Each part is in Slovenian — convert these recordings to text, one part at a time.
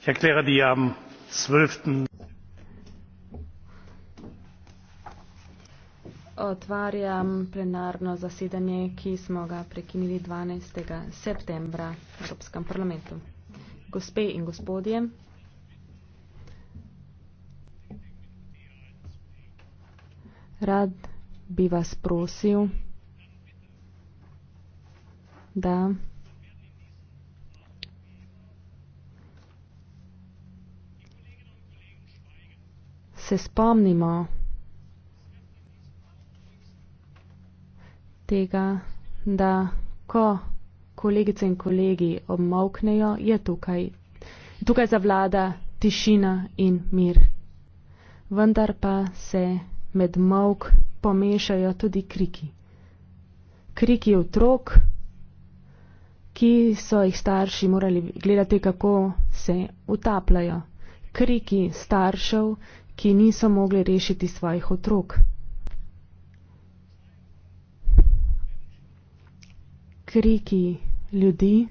ich erkläre die am. zwölf otvarjam plenarno zasedanje ki smo ga prekinili 12. septembra v evropskem parlamentu gospe in gospodje rad bi vas prosil da se spomnimo tega, da ko kolegice in kolegi obmovknejo, je tukaj, tukaj zavlada tišina in mir. Vendar pa se med mok pomešajo tudi kriki. Kriki otrok, ki so jih starši morali gledati, kako se utapljajo. Kriki staršev, ki niso mogli rešiti svojih otrok. Kriki ljudi,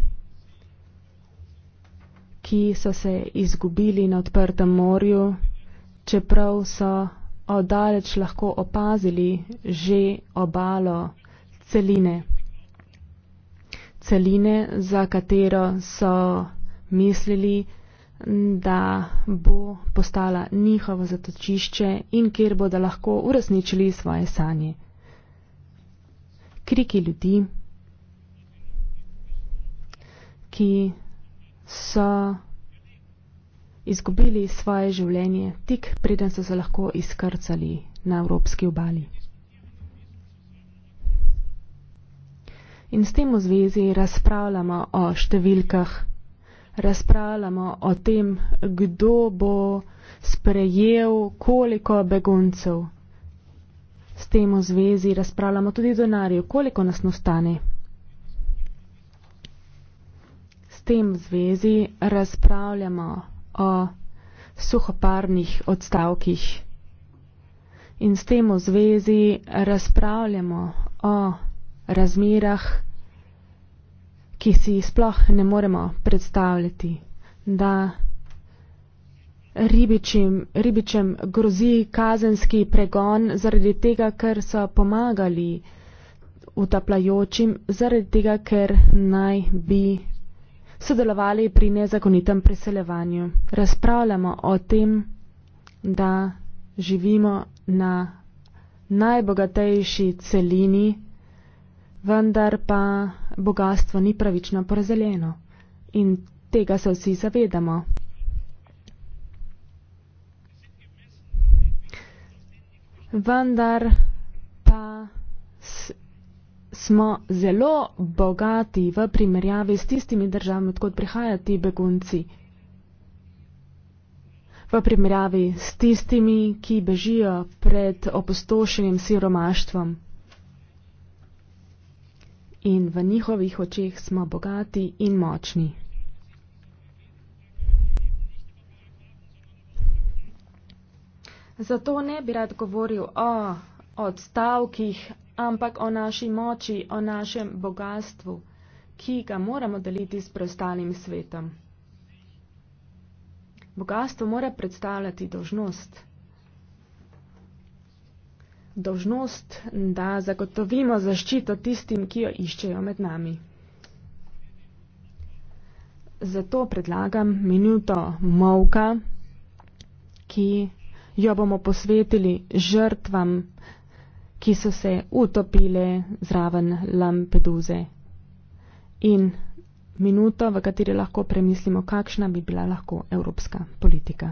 ki so se izgubili na odprtem morju, čeprav so odaleč lahko opazili že obalo celine. Celine, za katero so mislili, da bo postala njihovo zatočišče in kjer bodo lahko uresničili svoje sanje. Kriki ljudi, ki so izgubili svoje življenje tik preden so se lahko izkrcali na evropski obali. In s tem v zvezi razpravljamo o številkah razpravljamo o tem, kdo bo sprejel koliko beguncev. S tem v zvezi razpravljamo tudi donarju, koliko nas nastane. S tem v zvezi razpravljamo o suhoparnih odstavkih. In s tem v zvezi razpravljamo o razmerah, ki si jih sploh ne moremo predstavljati, da ribičim, ribičem grozi kazenski pregon zaradi tega, ker so pomagali utapljajočim, zaradi tega, ker naj bi sodelovali pri nezakonitem preseljevanju. Razpravljamo o tem, da živimo na najbogatejši celini, vendar pa bogatstvo ni pravično porazdeljeno in tega se vsi zavedamo. Vendar pa smo zelo bogati v primerjavi s tistimi državami, odkot prihajajo ti begunci. V primerjavi s tistimi, ki bežijo pred opustošenim siromaštvom in v njihovih očeh smo bogati in močni. Zato ne bi rad govoril o odstavkih, ampak o naši moči, o našem bogatstvu, ki ga moramo deliti s preostalim svetom. Bogatstvo mora predstavljati dožnost dožnost, da zagotovimo zaščito tistim, ki jo iščejo med nami. Zato predlagam minuto molka, ki jo bomo posvetili žrtvam, ki so se utopile zraven Lampeduze. In minuto, v kateri lahko premislimo, kakšna bi bila lahko evropska politika.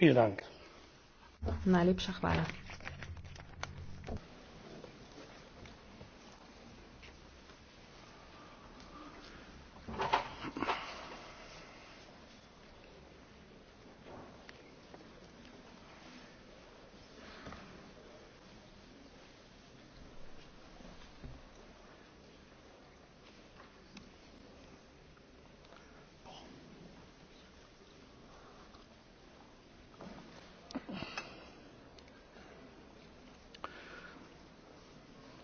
Vielen Dank. Najlepša hvala.